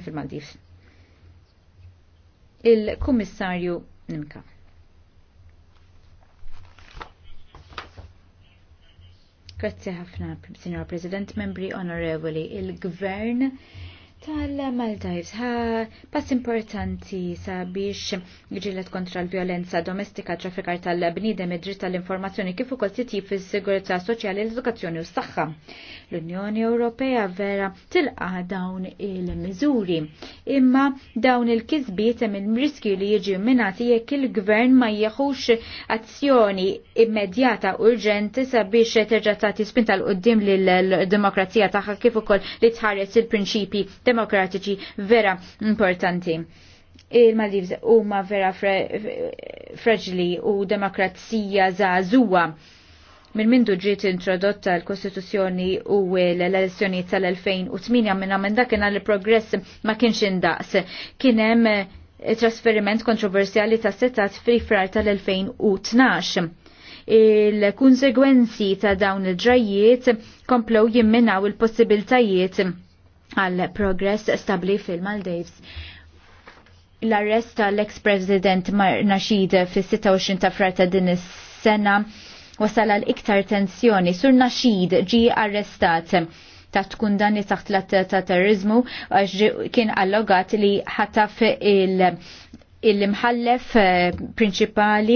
situazzjoni fil-Maldif. Il-Kummissarju Nimka. Grazie ħafna, Signor President, membri onorevoli. Il-Gvern tal-Maldives ha pass importanti sabiex ġilet kontra l-violenza domestika traffikar tal-bnidem id-dritt tal-informazzjoni kif ukoll titjib fis-sigurezza soċjali l-edukazzjoni u s-saħħa. L-Unjoni Ewropea vera tilqa dawn il-miżuri. Imma dawn il-kisbiet hemm il-riskju li jiġi minati jekk il-gvern ma jieħux azzjoni immedjata urġenti sabiex terġa' tagħti spinta l-qudiem lill-demokrazija tagħha kif ukoll li tħares il-prinċipi demokratiċi vera importanti il-Maldives huma vera fragili u demokrazija zazuwa. Min mindu ġiet introdotta l-Kostituzzjoni u l-elezzjoni tal-2008 minna minn dakken għal-progress ma kienx indaqs. Kienem eh, trasferiment kontroversjali ta' setat fri frar tal-2012 il-konsegwenzi ta' dawn il-ġrajiet komplow jimminaw il-possibiltajiet għal progress stabli fil-Maldives l-arrest tal-ex-president Nasheed fis-26 ta' frata ta' din is-sena wasal għal iktar tensjoni. Sur Nasheed ġi arrestat ta' tkun dan taħt l ta' terrorizmu għax kien allogat li ħataf il- il-mħallef eh, prinċipali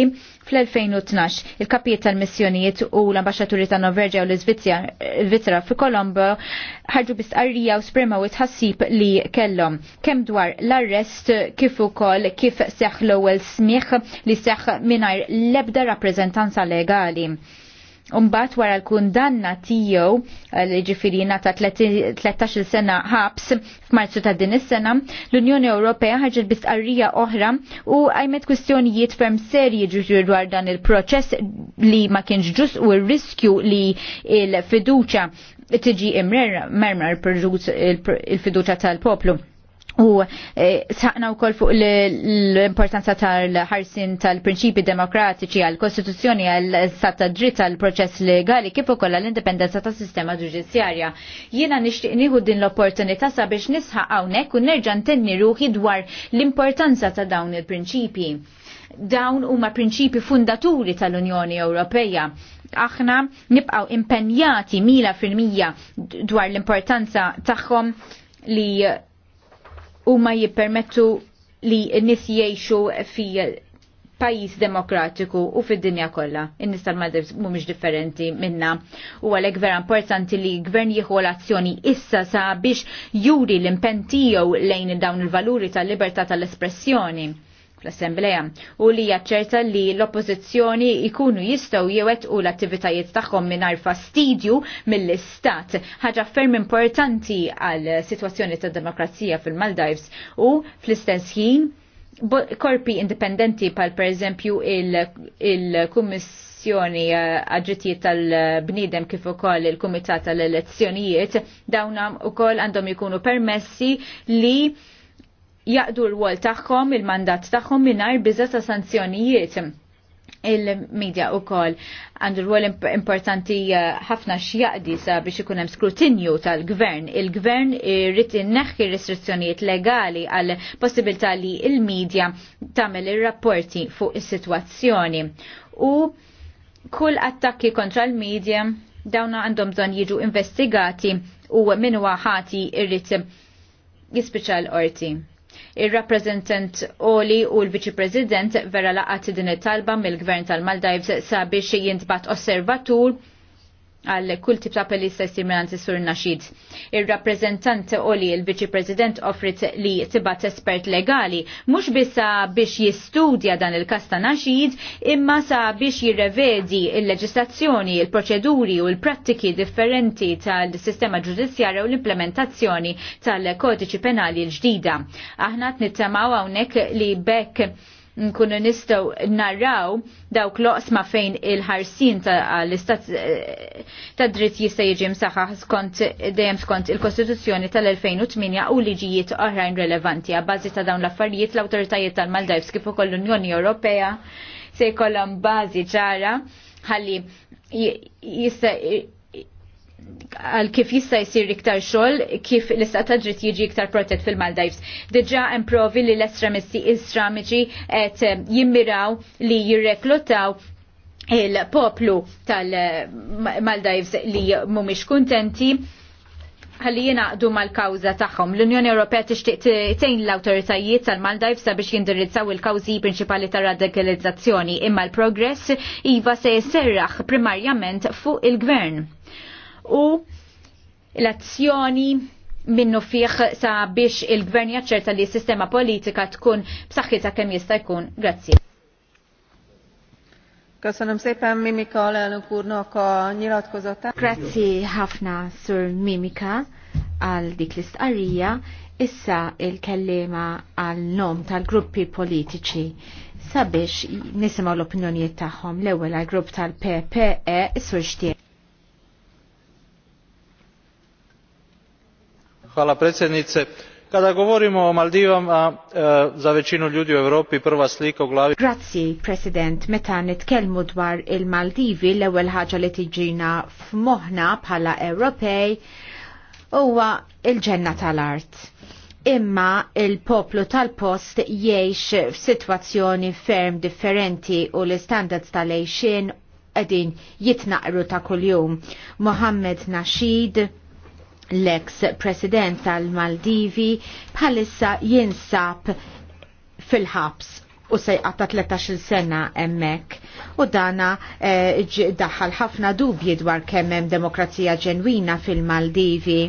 fl-2012. Il-kapijiet tal-missjonijiet u l-ambasċaturi ta' Norveġja u l-Svizzera fi Kolombo ħarġu bistqarrija u sprema u tħassib li kellhom. Kemm dwar l-arrest kif ukoll kif seħħ l-ewwel smigħ li seħħ mingħajr l-ebda rappreżentanza legali. Umbat wara l-kundanna tiegħu ġifieri ta' 13 sena ħabs f'Marzu ta' din is-sena, l-Unjoni Ewropea ħarġet bistqarrija oħra u għajmet kwistjonijiet ferm serji ġifieri dwar dan il-proċess li ma kienx ġus u r-riskju li l-fiduċa tiġi imrer mermer il-fiduċa tal-poplu. U e, saqna u koll fuq l-importanza tal-ħarsin tal-prinċipi demokratiċi għal-Kostituzzjoni għal-sat dritt għal-proċess legali kif ukoll għall-indipendenza tas sistema ġudizzjarja. Jiena nixtieq nieħu din l-opportunità sabiex nisħaq hawnhekk u nerġa' ntenni ruħi dwar l-importanza ta' dawn il-prinċipi. Dawn huma prinċipi fundaturi tal-Unjoni Ewropea aħna nibqaw impenjati mila fil-mija dwar l-importanza tagħhom li u ma jippermettu li n-nis jiexu fi pajis demokratiku u fid-dinja kollha. In-nies tal-Maldives mhumiex differenti minna u għalhekk vera importanti li gvern jieħu l-azzjoni issa sa biex juri l impentijow lejn dawn il-valuri tal-libertà tal-espressjoni fl-Assembleja u li jaċċerta li l-oppozizjoni ikunu jistaw jewet u l-attivitajiet tagħhom mingħajr fastidju mill-istat. Ħaġa ferm importanti għal situazzjoni ta' demokrazija fil-Maldives u fl-istess ħin korpi indipendenti pal per eżempju il-Kummissjoni il eh, għadġitiet tal-bnidem kif ukoll il-Kumitat tal-Elezzjonijiet dawnam ukoll għandhom ikunu permessi li jaqdu l-wol tagħhom, il-mandat tagħhom mingħajr biża ta' sanzjonijiet il-medja u kol għandu wol importanti eh, ħafna xjaqdi sa biex ikun hemm skrutinju tal-gvern. Il-gvern irrid inneħħi restrizzjonijiet legali għal possibilità li il-medja tagħmel ir-rapporti fuq is-sitwazzjoni. U kull attakki kontra l-medja dawna għandhom bżonn jiġu investigati u minn ħati irrid jispiċa l-qorti. Ir-rappreżentant Oli u l-Viċi President vera laqat din it-talba mill-Gvern tal-Maldives sabiex jintbat osservatur għal kull tip ta' pellista stessi minn sur naxid. Il-rappresentant Oli, il-Viċi President, offrit li tibat espert legali, mux bissa biex jistudja dan il kasta ta' naxid, imma sa' biex jirrevedi il-leġislazzjoni, il-proċeduri u l-prattiki differenti tal-sistema ġudizzjarja u l-implementazzjoni tal-kodiċi penali l-ġdida. Aħna t-nittamaw għawnek li bekk nkunu nistaw narraw dawk loqsma fejn il-ħarsin tal-istat eh, ta' dritt jista' jiġi msaħħaħ skont dejjem skont il-Kostituzzjoni tal-2008 u liġijiet oħrajn relevanti għabbażi ta' dawn l-affarijiet l-awtoritajiet tal-Maldives kif ukoll l-Unjoni Ewropea se jkollhom bażi ċara ħalli jista' għal kif jista' jsir iktar xogħol, kif l-istat ta' dritt jiġi iktar protett fil-Maldives. Diġà improvi li l-estremisti istramiċi qed eh, jimmiraw li jirreklutaw il-poplu tal-Maldives eh, li mhumiex kuntenti ħalli jenaqdu mal-kawza tagħhom. L-Unjoni Ewropea tixtieq tgħin l-awtoritajiet tal-Maldives sabiex jindirizzaw il-kawżi prinċipali ta' radikalizzazzjoni imma l-progress iva se jserraħ primarjament fuq il-gvern u l-azzjoni minnu fiħ sa biex il-gvern jaċċerta li s-sistema politika tkun b'saħħitha kemm jista' jkun. Grazzi. Köszönöm szépen Mimika alelnök úrnak a nyilatkozatát. Grazzi ħafna Sur Mimika għal dik l-istqarrija. Issa il-kellima għal nom tal-gruppi politiċi sabiex nisimaw l-opinjonijiet tagħhom l-ewwel għal grupp tal-PPE Sur Xtier. predsjednice kada govorimo o maldivama e, za većinu ljudi u europi prva slika u glavi. grazzi president meta nitkellmu dwar il maldivi l-ewwel ħaġa li tiġina f'moħħna bħala ewropej huwa il-ġenna tal-art. Imma il-poplu tal-post jgħix f'sitwazzjoni ferm differenti u l-istandards tal-għejxin qegħdin jitnaqru ta' kuljum. Mohammed Nasheed, L-ex president tal-Maldivi bħalissa jinsab fil-ħabs u sejqata 13 sena emmek u dana e, eh, daħal ħafna dubji dwar kemm hemm demokrazija ġenwina fil-Maldivi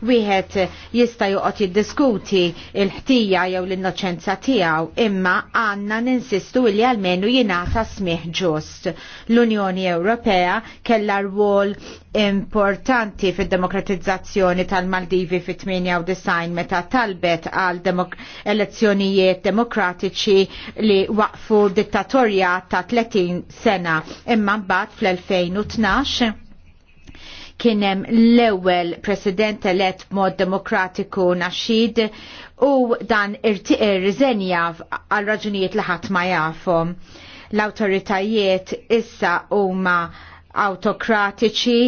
wieħed jista' joqgħod jiddiskuti l-ħtija jew l-innoċenza tiegħu, imma għandna ninsistu li għalmenu jingħata smih ġust. L-Unjoni Ewropea kellha rwol importanti fid-demokratizzazzjoni tal-Maldivi fit-98 meta talbet għal demok elezzjonijiet demokratiċi li waqfu dittatorja ta' 30 sena imma mbagħad fl-2012 kienem l-ewel president elett mod demokratiku naxid u dan irriżenja għal raġunijiet li ħadd ma jafhom. L-awtoritajiet issa huma autokratiċi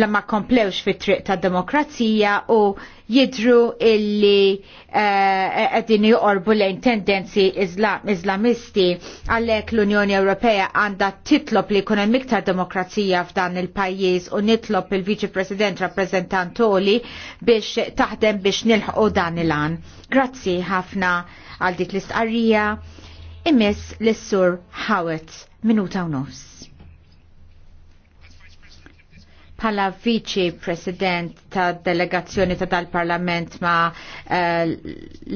li ma komplewx fit triq ta' demokrazija u jidru illi eh, għedin uh, jorbu lejn tendenzi islam, islamisti għallek l-Unjoni Ewropea għanda titlob li kunem miktar demokrazija f'dan il-pajjiż u nitlob il-Viċi President rappresentantoli biex taħdem biex nilħu dan il-an. Grazzi ħafna għal dik l-istqarrija. Imis l-sur Hawet minuta u nofs. Pala viċi president ta' delegazzjoni ta' dal-parlament ma' eh,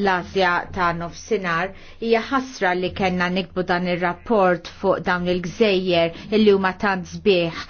l-Asja ta' Nofsinar, hija ħasra li kena nikbu dan il-rapport fuq dawn il-gżejjer illi huma tant zbieħ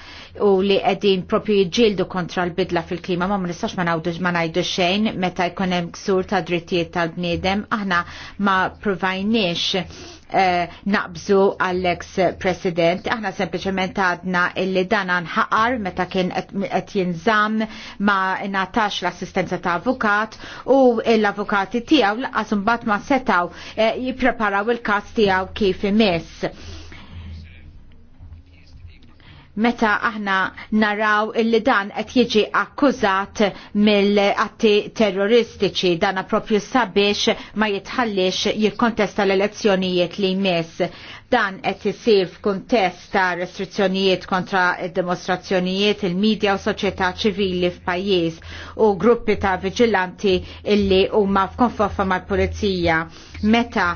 u li qegħdin propju jġildu kontra l-bidla fil-klima ma nistax ma nistax ma ngħidu xejn meta jkun hemm ksur ta' drittijiet tal-bniedem aħna ma provajniex Eh, naqbżu għall-ex president. Aħna sempliciment għadna illi dan għanħaqar meta kien qed jinżamm ma natax l-assistenza ta' avukat u l-avukati tiegħu laqas imbagħad ma setaw eh, jippreparaw il-każ tiegħu kif imiss meta aħna naraw illi dan qed jiġi akkużat mill-atti terroristiċi dana propju sabiex ma jitħallix jikkontesta l-elezzjonijiet li jmiss. Dan qed isir f'kuntest ta' restrizzjonijiet kontra id-demostrazzjonijiet il-medja u soċjetà ċivili f'pajjiż u gruppi ta' viġilanti illi huma f'konfofa mal-pulizija. Meta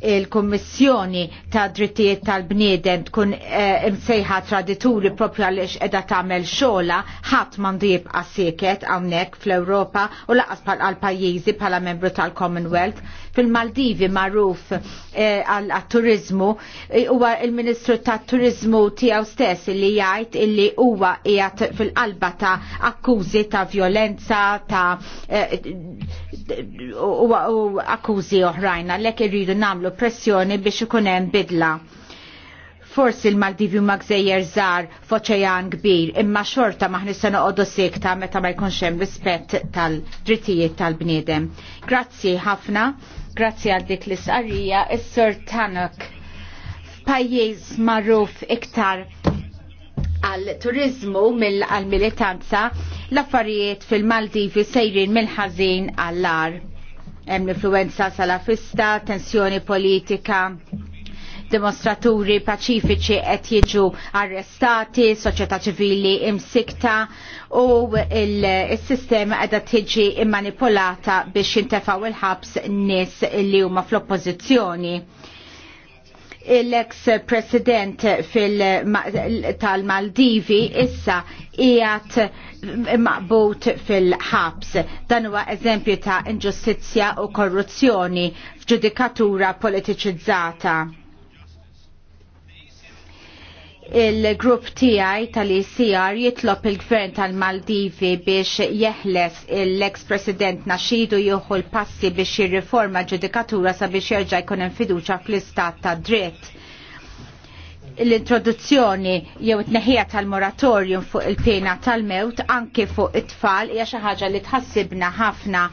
il-Kommissjoni ta' drittijiet tal-bniedem tkun msejħa eh, imsejħa tradituri propju għaliex edha tagħmel xogħla ħadd m'għandu jibqa' sieket hawnhekk fl-Ewropa u laqas għal pajjiżi bħala membru tal-Commonwealth. Fil-Maldivi magħruf eh, għal turiżmu eh, huwa il-Ministru tat-Turiżmu tiegħu stess li jgħid illi huwa qiegħed fil-qalba ta' akkużi ta' violenza ta' u akkużi oħrajn għalhekk irridu nagħmlu jagħmlu pressjoni biex ikun hemm bidla. Forsi l-Maldivi huma gżejjer żgħar f'oċean kbir, imma xorta maħni se noqogħdu sikta meta ma jkunx hemm rispett tal-drittijiet tal-bniedem. Grazzi ħafna, grazzi għal dik l-isqarrija, is-Sur Tanok f'pajjiż magħruf iktar għal turizmu mill-militanza l-affarijiet fil-Maldivi sejrin mill-ħażin għall-ar hemm l influenza salafista, tensjoni politika demonstraturi paċifiċi qed jiġu arrestati, soċjetà ċivili imsikta u il-sistema qiegħda tiġi immanipolata biex jintefgħu il-ħabs nies li huma fl-oppożizzjoni l-ex president tal-Maldivi issa ijat maqbut fil-ħabs. Dan huwa eżempju ta' inġustizzja u korruzzjoni f'ġudikatura politiċizzata il-grupp tiegħi tal-ICR jitlob il-gvern tal-Maldivi biex jeħles l-ex-president Naxidu jieħu l-passi biex jirriforma ġudikatura sabiex jerġa' jkun hemm fiduċja fl-istat ta' dritt. L-introduzzjoni jew it-neħija tal-moratorium fuq il-pena tal-mewt anke fuq it-tfal hija xi ħaġa li tħassibna ħafna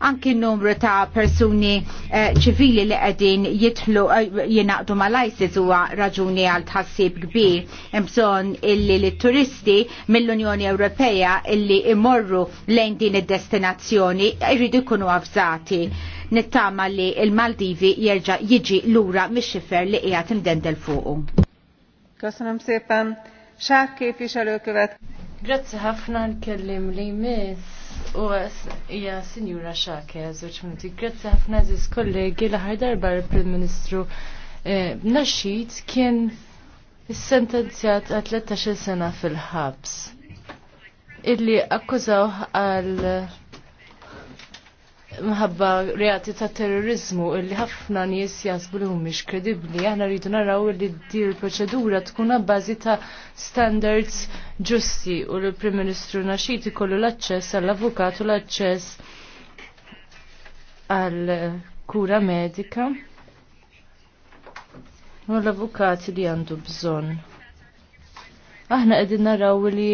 anki numru ta' persuni eh, ċivili li qegħdin jitħlu eh, jingħaqdu mal-ISIS huwa raġuni għal tħassib kbir. Hemm bżonn illi l-turisti mill-Unjoni Ewropea illi imorru lejn din id-destinazzjoni jridu jkunu avżati. Nittama li il-Maldivi jerġa' jiġi lura mix-xifer li qiegħed imdendel fuqu. Köszönöm szépen. Sák képviselő követ. Grazie ħafna l-kellim li miss. U hija Sinjura Xake, żewġ minuti. Grazzi ħafna ziz kollegi l darba l-Prim Ministru eh, Naxxid kien sentenzjat għat 13 sena fil-ħabs illi akkużaw għal mħabba reati ta' terrorizmu illi ħafna nies jasbu li mhumiex kredibbli. Aħna rridu naraw li di l-proċedura tkun bażi ta' standards ġusti u l prim Ministru Naxxit ikollu l-aċċess għall-avukat u l-aċċess għal kura medika u l avukati li għandu bżonn. Aħna qegħdin naraw li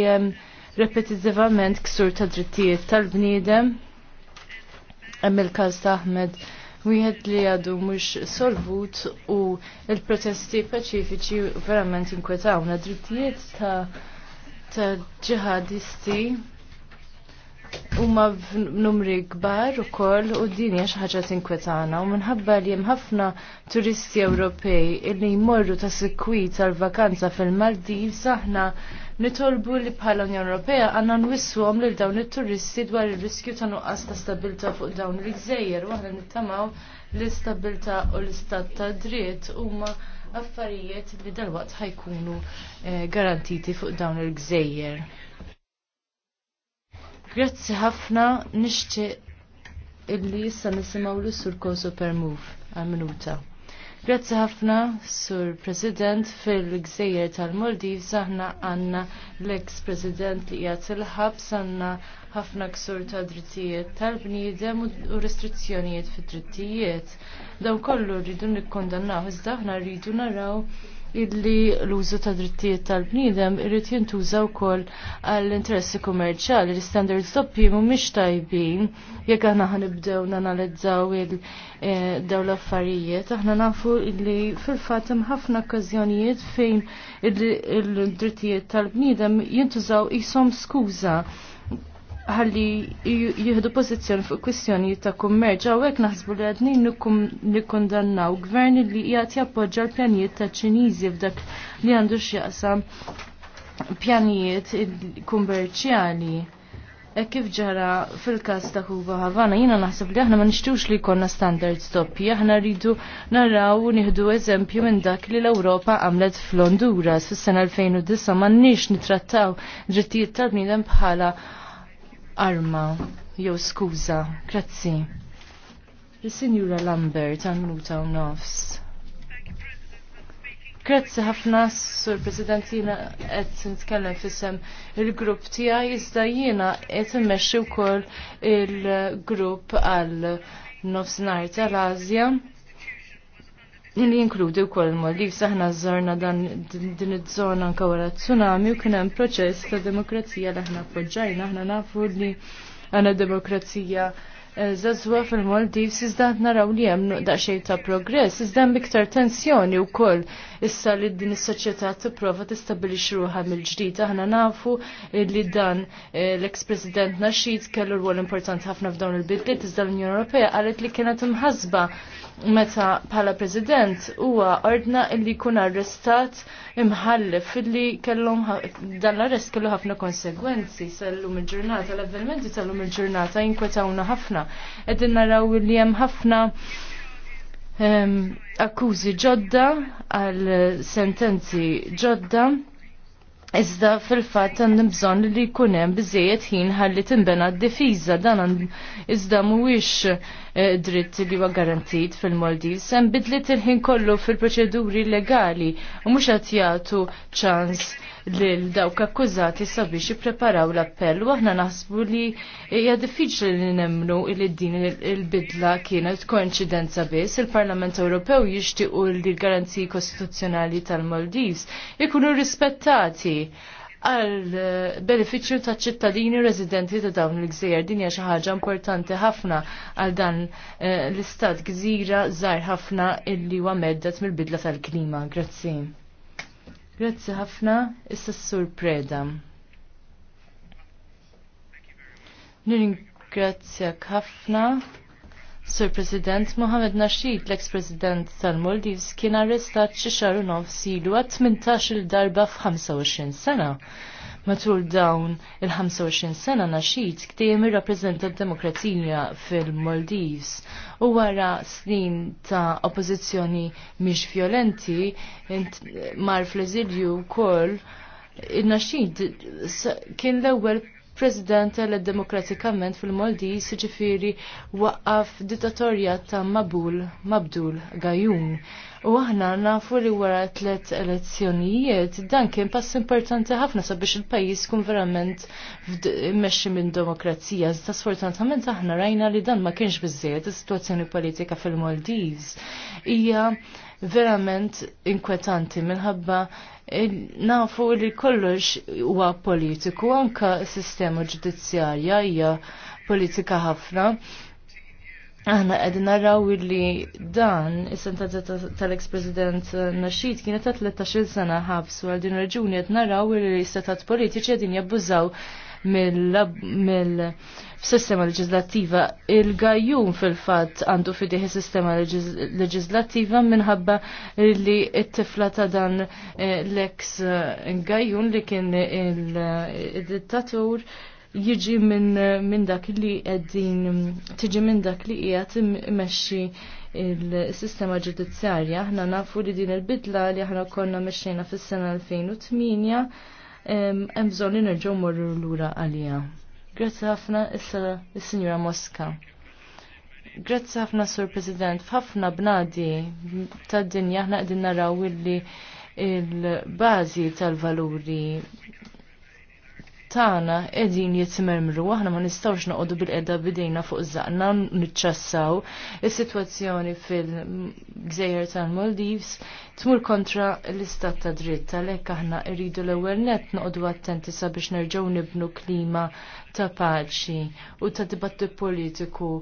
repetizivament ksur ta' drittijiet tal-bniedem hemm il-każ ta' Ahmed wieħed li għadu mhux solvut u il-protesti paċifiċi verament inkwetawna drittijiet ta' ta' ġihadisti huma f'numri kbar ukoll u din hija xi ħaġa tinkwetana u minħabba li hemm ħafna turisti Ewropej illi jmorru ta' sikwit għal vakanza fil maldiv saħna nitolbu li bħala Unjoni Ewropea għandna nwissuhom lil dawn it-turisti dwar ir-riskju ta' nuqqas ta' stabilta fuq dawn l-gżejjer u għanna nittamaw l-istabilta u l-istat ta' dritt huma affarijiet li dalwaqt ħajkunu eh, garantiti fuq dawn il-gżejjer. Grazzi ħafna nixti illi issa nisimgħu l sur Koso per Move għal minuta. Grazzi ħafna sur President fil-Gżejjer tal-Maldiv saħna għanna l-ex-President li qiegħed il-ħabs għandna ħafna ksur ta' drittijiet tal-bniedem u restrizzjonijiet fid drittijiet Dawn kollu rridu nikkondannaw, iżda aħna rridu naraw illi l-użu ta' drittijiet tal-bniedem irrid jintuża wkoll għall-interessi kummerċjali. L-standards doppi mhumiex tajbin jekk aħna ħanibdew nanalizzaw eh, dawn l-affarijiet. Aħna nafu illi fil-fatt hemm ħafna okkażjonijiet fejn il-drittijiet tal-bniedem jintużaw ishom skuża ħalli jihdu pozizjoni fuq kwistjoni ta' kummerġ għawek naħsbu li għadni nikkondannaw gvern li jgħat jappoġġa l-pjanijiet ta' ċinizi f'dak li għandu x'jaqsam pjanijiet kummerċjali. E kif ġara fil-kas ta' Kuba Havana, jina naħseb li aħna ma nixtiewx li jkollna standards doppi, aħna rridu naraw u nieħdu eżempju minn dak li l-Ewropa għamlet fl-Honduras fis-sena 2009 ma nix nitrattaw drittijiet tal-bniedem bħala arma jew skuża. Grazzi. Il-Sinjura Lambert għal minuta u nofs. Grazzi ħafna, Sur President, jina għed nitkellem fissem il-grupp tiegħi iżda jiena qed immexxi wkoll il-grupp għal nofsinhar tal-Azja. Nili jinkludi kol Maldiv saħna żorna dan din id żona anke t tsunami u kien hemm proċess ta' demokrazija li aħna appoġġajna aħna nafu li għana demokrazija Zazwa eh, fil-Maldiv sizdat naraw li hemm nuqda ta' progress, iżda hemm iktar tensjoni wkoll issa li din is-soċjetà tipprova tistabilixxi ruħha mill-ġdid. Aħna nafu li dan eh, l-ex-President Nasheed kellu rwol importanti ħafna f'dawn il-bidliet iżda l-Unjoni Ewropea qalet li kienet imħasba meta bħala president huwa ordna illi kun arrestat imħallef illi kellhom dan l-arrest kellu ħafna konsegwenzi sal-lum il-ġurnata, l-avvenimenti tal-lum il-ġurnata jinkwetawna ħafna. Qegħdin naraw li hemm ħafna ehm, akkużi ġodda għal sentenzi ġodda Iżda fil-fatt għandhom bżonn li jkun hemm biżejjed ħin ħalli tinbena d-difiża dan iżda mhuwiex eh, dritt li huwa garantit fil-Maldives hemm bidliet il-ħin kollu fil-proċeduri legali u mhux qed jagħtu ċans lil dawk akkużati sabiex ippreparaw l-appell u aħna naħsbu li hija diffiċli li nemmnu li din il-bidla kienet koinċidenza biss. Il-Parlament Ewropew jixtiequ li l-garanziji kostituzzjonali tal-Maldives ikunu rispettati għal beneficju ta' ċittadini residenti ta' dawn il-gżejjer. Dinja xi ħaġa importanti ħafna għal dan eh, l-istat gżira żgħar ħafna illi huwa meddet mill-bidla tal-klima. Grazzi. Grazzi ħafna, issa s-sur Preda. Nirringrazzjak ħafna. Sur President Mohamed Nasheed, l-ex-president tal-Maldives, kien arrestat xi xahar u nofs għat 18-il darba f'25 sena. Matul dawn il-25 sena Nasheed kdejjem irrappreżenta d-demokrazija fil-Maldives u wara snin ta' oppożizzjoni mhix violenti mar fl-eżilju wkoll il nasheed kien l-ewwel president eled demokratikament fil-Maldiz siġifiri waqaf dittatorja ta' Mabul Mabdul Gajun. U aħna nafu li wara tlet elezzjonijiet dan kien pass importanti ħafna sabiex il-pajjiż kun verament meċi minn demokrazija. Iżda sfortunatament aħna rajna li dan ma kienx biżżejjed is-sitwazzjoni politika fil-Maldiz. Hija verament inkwetanti minħabba nafu li kollox huwa politiku, anka s-sistema ġudizzjarja hija politika ħafna. Aħna qegħdin naraw li dan is-sentenza tal-ex-President Naxxid kienet ta' 13-il sena ħabs u għal din raġuni qed naraw li istatat politiċi qegħdin jabbużaw mill-sistema leġislattiva. Il-gajjum fil-fatt għandu fidiħi sistema leġislattiva minħabba li it-tifla ta' dan eh, l eks eh, gajjun li kien il-dittatur jiġi minn dak li għeddin, tiġi minn dak li jgħat meċi il-sistema ġudizzjarja. Aħna nafu li din il-bidla li aħna konna meċina fis-sena 2008 hemm bżonn li nerġgħu morru lura għalija. Grazzi ħafna issa is-Sinjura Mosca. Grazzi ħafna Sur President, f'ħafna bnadi tad-dinja aħna qegħdin naraw illi il-bażi tal-valuri tagħna qegħdin jitmermru aħna ma nistgħux noqogħdu bil-qeda bidejna fuq żaqna niċċassaw is-sitwazzjoni fil-Gżejjer tal-Maldives tmur kontra l-istat ta' dritt għalhekk aħna rridu l-ewwel nett noqogħdu attenti sabiex nerġgħu nibnu klima ta' paċi u ta' dibattu politiku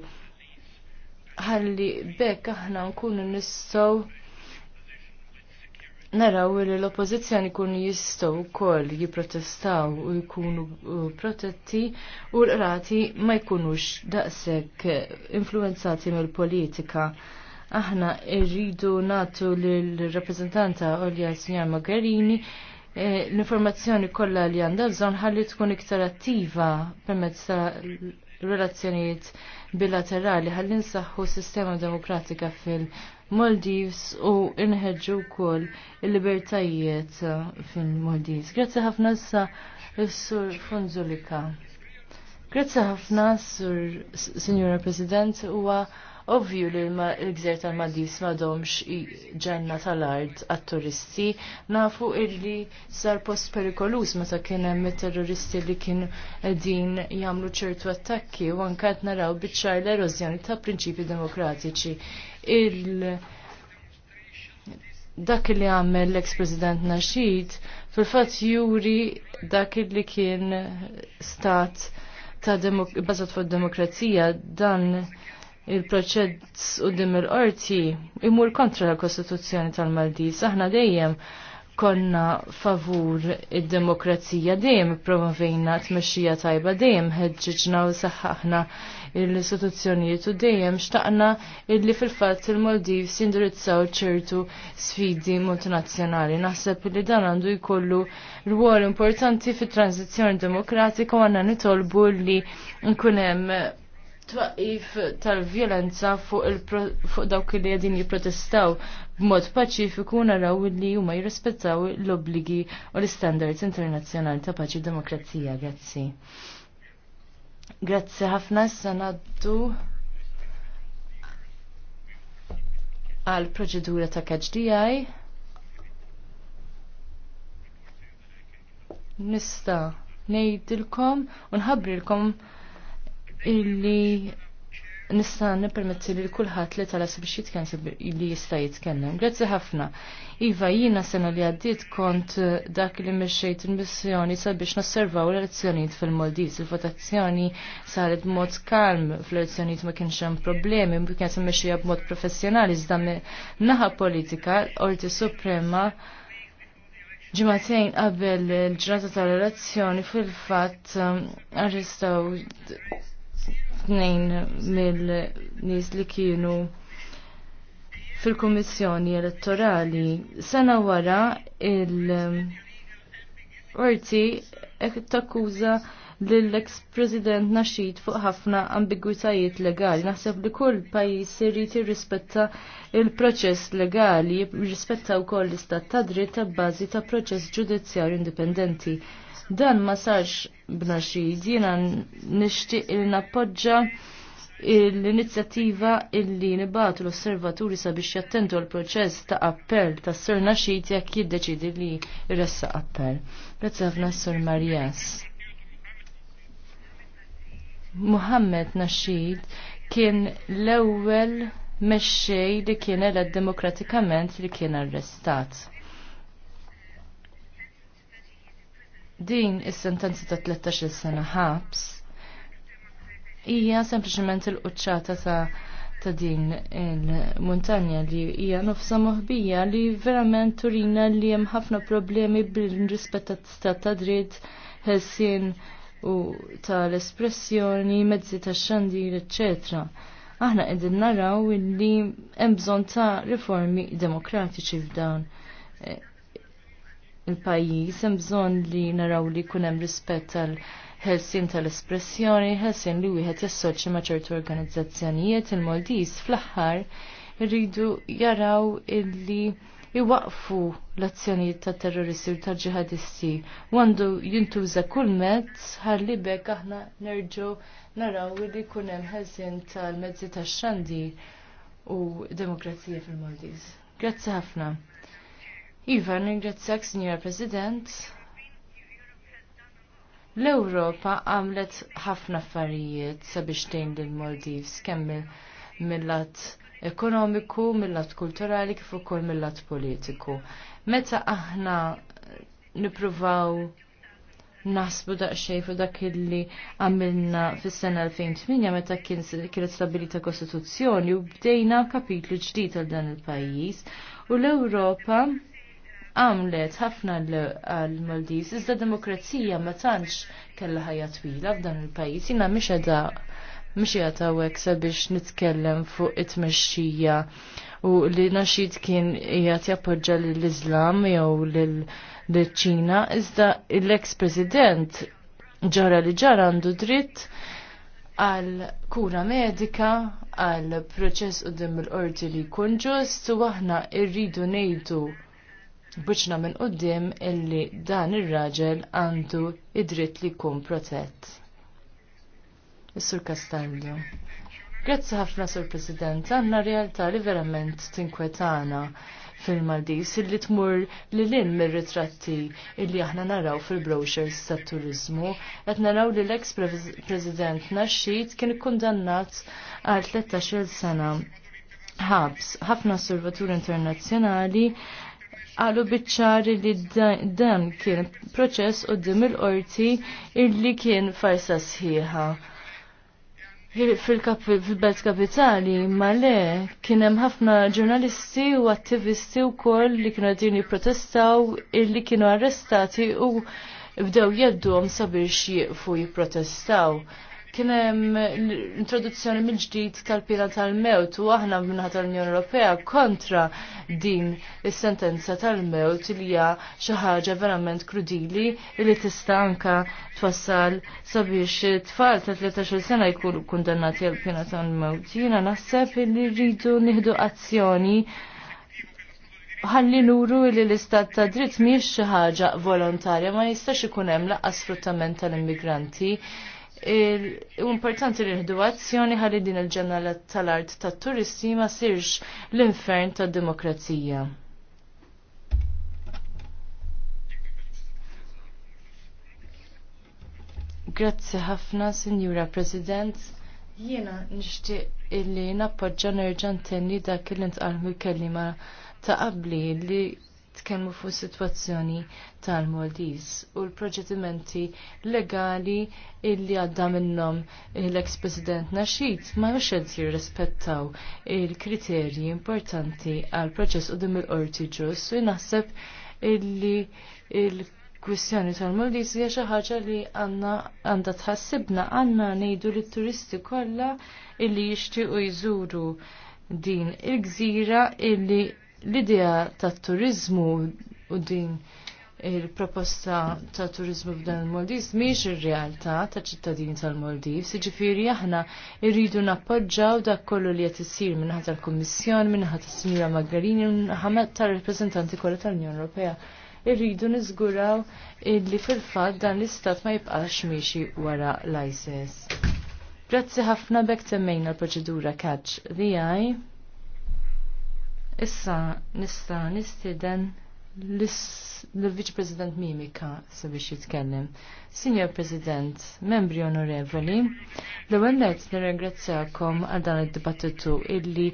ħalli bekk aħna nkunu nistgħu naraw li l-oppozizjoni kunu jistow kol jiprotestaw u jkunu protetti u l-rati ma jkunux daqsek influenzati mill-politika. Aħna irridu natu l-rappresentanta Olja Sinjar Mogherini eh, l-informazzjoni kollha li għandha bżonn ħalli tkun iktar attiva permezz relazzjonijiet bilaterali ħalli nsaħħu sistema demokratika fil-Maldives u nħeġġu wkoll il-libertajiet fil-Maldives. Grazzi ħafna sa s-sur Funzulika. Grazzi ħafna, Sur Signora President, u Ovvju li l-gżer tal ma domx ġenna tal-art għat-turisti, nafu illi sar post perikolus meta kien hemm terroristi li kien din jagħmlu ċertu attakki u anke qed naraw biċċar l-erożjoni ta' prinċipji demokratiċi. Il dak li għamel l-ex-president Nasheed fil-fat juri dak li kien stat ta' bazat fuq demokrazija dan il-proċess u dim il-qorti imur kontra l-Kostituzzjoni tal maldis Aħna dejjem konna favur id-demokrazija dejjem promovejna tmexxija tajba dejjem ħeġġeġna u saħħaħna l-istituzzjonijiet u dejjem xtaqna illi fil-fatt il-Maldiv jindirizzaw ċertu sfidi multinazzjonali. Naħseb li dan għandu jkollu rwol importanti fit-tranzizzjoni demokratika u għandna nitolbu li nkun hemm twaqif tal-violenza fuq, fuq dawk li għedin jiprotestaw b'mod paċifiku naraw li huma jirrispettaw l-obligi u l-standards internazzjonali ta' paċi u demokrazija. Grazzi. Grazzi ħafna s-sanaddu għal proċedura ta' KHDI. Nista' ngħidilkom u nħabbrilkom illi nista' nippermetti li kulħadd li tala biex jitkellem li jista' jitkellem. Grazzi ħafna. Iva jiena sena li għaddiet kont dak li mexxejt il-missjoni sabiex nosservaw l-elezzjonijiet fil maldiz Il-votazzjoni saret b'mod kalm fl-elezzjonijiet ma kienx hemm problemi, kienet immexxija b'mod professjonali iżda naħa politika, Orti Suprema ġimatejn qabel il-ġrata tal-elezzjoni fil-fatt um, arrestaw tnejn mill-nies li kienu fil-Kummissjoni Elettorali. Sena wara il-Orti takkuża l-ex president Naxxid fuq ħafna ambigwitajiet legali. Naħseb li kull pajjiż irrid jirrispetta il-proċess legali, jirrispetta wkoll l-istat ta' dritt ta' bażi ta' proċess ġudizzjarju indipendenti. Dan ma sarx b'naxid, jiena nixtieq il nappoġġa l-inizjattiva illi nibatu l-osservaturi sabiex jattentu l-proċess ta' appell ta' s-sor Naxid jekk jiddeċidi li jressa appell. Grazzi ħafna sor Marijas. Muhammed Naxid kien l-ewwel mexxej li kien eled demokratikament li kien arrestat. din is-sentenza ta' 13 sena ħabs hija sempliċement il-quċċata ta' ta' din il-montanja li hija nofsa moħbija li verament turina li hemm ħafna problemi bil-rispett tat-istat ta' dritt ħelsien u tal-espressjoni, mezzi ta' xandir, etc. aħna qegħdin naraw li hemm bżonn ta' riformi demokratiċi f'dawn il-pajjiż hemm bżonn li naraw li jkun hemm rispett tal ħelsin tal-espressjoni, ħelsin li wieħed jassoċi ma' ċertu organizzazzjonijiet il-Maldiz fl-aħħar irridu jaraw illi iwaqfu l-azzjonijiet ta' terroristi u ta' ġihadisti. Għandu jintuża kull mezz ħalli bekk aħna nerġu naraw illi kun hemm ħelsin tal-mezzi tax-xandir u demokrazija fil-Maldiz. Grazzi ħafna. Iva, ningrazzjak, Signora President. L-Europa għamlet ħafna affarijiet sabiex tgħin lill-Maldives kemm mill-lat ekonomiku, mill-lat kulturali kif ukoll mill-lat politiku. Meta aħna nippruvaw nasbu daqxej fu dak illi għamilna fis-sena 2008 meta kien kienet stabilita Kostituzzjoni u bdejna kapitlu ġdid għal dan il-pajjiż u l-Ewropa għamlet ħafna l maldis iżda demokrazija ma tantx kella ħajja twila f'dan il-pajjiż. Jina mhix qeda mhix qiegħed hawnhekk sabiex nitkellem fuq it-tmexxija u li naxid kien qiegħed jappoġġa lill-Iżlam jew lill-Ċina, iżda l-eks president ġara li ġara għandu dritt għal kura medika, għal proċess u dim il-qorti li jkun ġust u aħna rridu ngħidu Bħiċna minn qoddim illi dan ir-raġel għandu id-dritt li jkun protett. Is-Sur Kastarju. Grazzi ħafna, Sur President, għanna realtà li verament tinkwetana fil-Maldis illi tmur li l-in mir-ritratti illi aħna naraw fil-brochures tat turizmu qed naraw li l-ex president Naxxit kien ikkundannat għal 13 sena ħabs ħafna servatur internazzjonali għalu bitċari li dan kien proċess u dim il-qorti illi kien farsa sħiħa. Fil-belt kapitali, ma le, kienem ħafna ġurnalisti u attivisti u koll li kienu għadin jiprotestaw, illi kienu arrestati u bdew jeddu sabirx jieqfu jiprotestaw kien hemm l-introduzzjoni mill-ġdid tal-pina tal-mewt u aħna minna tal-Unjoni Ewropea kontra din is-sentenza tal-mewt li hija xi ħaġa verament krudili li tista' anka twassal sabiex tfal ta' 13 sena jkunu kundannati għal pina tal-mewt. Jiena naħseb li rridu nieħdu azzjoni ħalli nuru li l-istat ta' dritt miex xi ħaġa volontarja ma jistax ikun hemm laqas sfruttament tal-immigranti. Importanti li ħdu azzjoni ħalli din il-ġenna tal-art ta' turisti ma sirx l-infern ta' demokrazija Grazzi ħafna, Signora President. Jena nishti illi nappoġġa nerġa' ntenni dak il-intqal mill-kelliema ta' qabli li kemmu fuq is-sitwazzjoni tal-Maldives u l-proċedimenti legali illi għadda minnhom l-ex-President Nasheed ma mhux qed jirrispettaw il-kriterji importanti għal proċess qudiem il-qorti ġus u naħseb illi il kwistjoni tal-Maldives hija xi ħaġa li għandna għandha tħassibna għandna ngħidu li turisti kollha illi jixtiequ jżuru din il-gżira illi l-idea ta' turizmu u din il-proposta ta' turizmu f'dan il-Maldivs miex ir-realtà ta' ċittadini tal-Maldivs, ġifiri aħna irridu nappoġġaw dak kollu li qed minnaħat tal kommissjon minnaħat tas-Sinjura Magdalini, minnaħat tar reprezentanti kollha tal-Unjoni Ewropea. Irridu niżguraw li fil-fatt dan l-istat ma jibqax miexi wara l-ISIS. Grazzi ħafna bekk temmejna l-proċedura catch the eye. Issa nista nistiden l-Viċ President Mimika sabiex jitkellem. Signor President, membri onorevoli, l-ewwel qed nirringrazzjakom għal dan id-dibattitu illi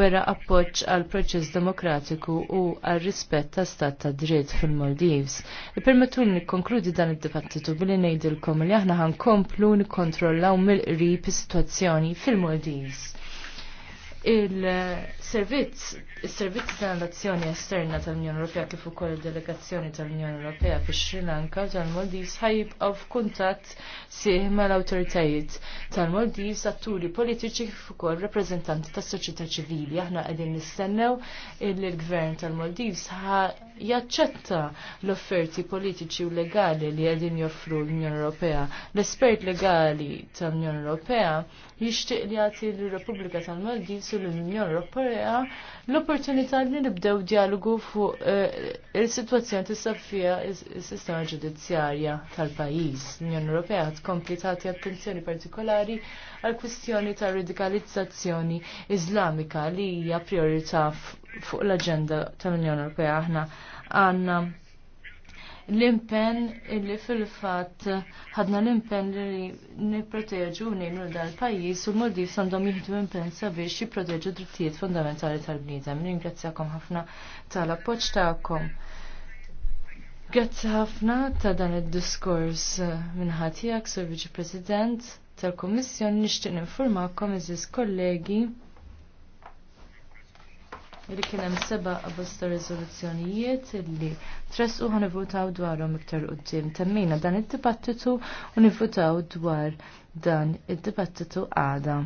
wera appoġġ għal proċess demokratiku u għal rispett ta' stat ta' dritt fil-Maldives. Ippermettuni nikkonkludi dan id-dibattitu billi ngħidilkom li aħna ħankomplu nikkontrollaw mill-qrib is-sitwazzjoni fil-Maldives Il-servizz, il-servizz tal-azzjoni esterna tal-Unjoni Ewropea kif ukoll il-delegazzjoni tal-Unjoni Ewropea fi Sri Lanka tal-Maldives ħajibqgħu f'kuntatt sieħ mal-awtoritajiet tal-Maldives atturi politiċi kif ukoll rappreżentanti tas-soċjetà ċivili. Aħna qegħdin nistennew il l-Gvern tal-Maldives jaċċetta l-offerti politiċi u legali li qegħdin joffru l-Unjoni Ewropea. L-espert legali tal-Unjoni Ewropea jixtieq li jagħti lir-Repubblika tal-Maldiv u l-Unjoni Ewropea l-opportunità li nibdew dialogu fuq eh, is-sitwazzjoni tista' fiha s-sistema ġudizzjarja tal-pajjiż. L-Unjoni Ewropea tkompli tagħti attenzjoni partikolari għal kwistjoni ta' radikalizzazzjoni Iżlamika li hija priorità fuq l-aġenda tal-Unjoni Ewropea aħna għandna l-impen li fil-fat ħadna l-impen li niproteġu nejnu dal-pajis u l-modi sandom jihdu impen sabiex jiproteġu drittijiet fundamentali tal-bnidem. Ringrazzjakom ħafna tal-appoċ ta'kom. Grazzi ħafna ta' dan id-diskors minnħatijak, Sur Viċi President tal komissjon nixtieq ninformakom iżis kollegi li kien hemm seba' abbasta riżoluzzjonijiet li tress ħa nivvutaw dwarhom iktar quddiem. Temmina dan id-dibattitu u nivvutaw dwar dan id-dibattitu għada.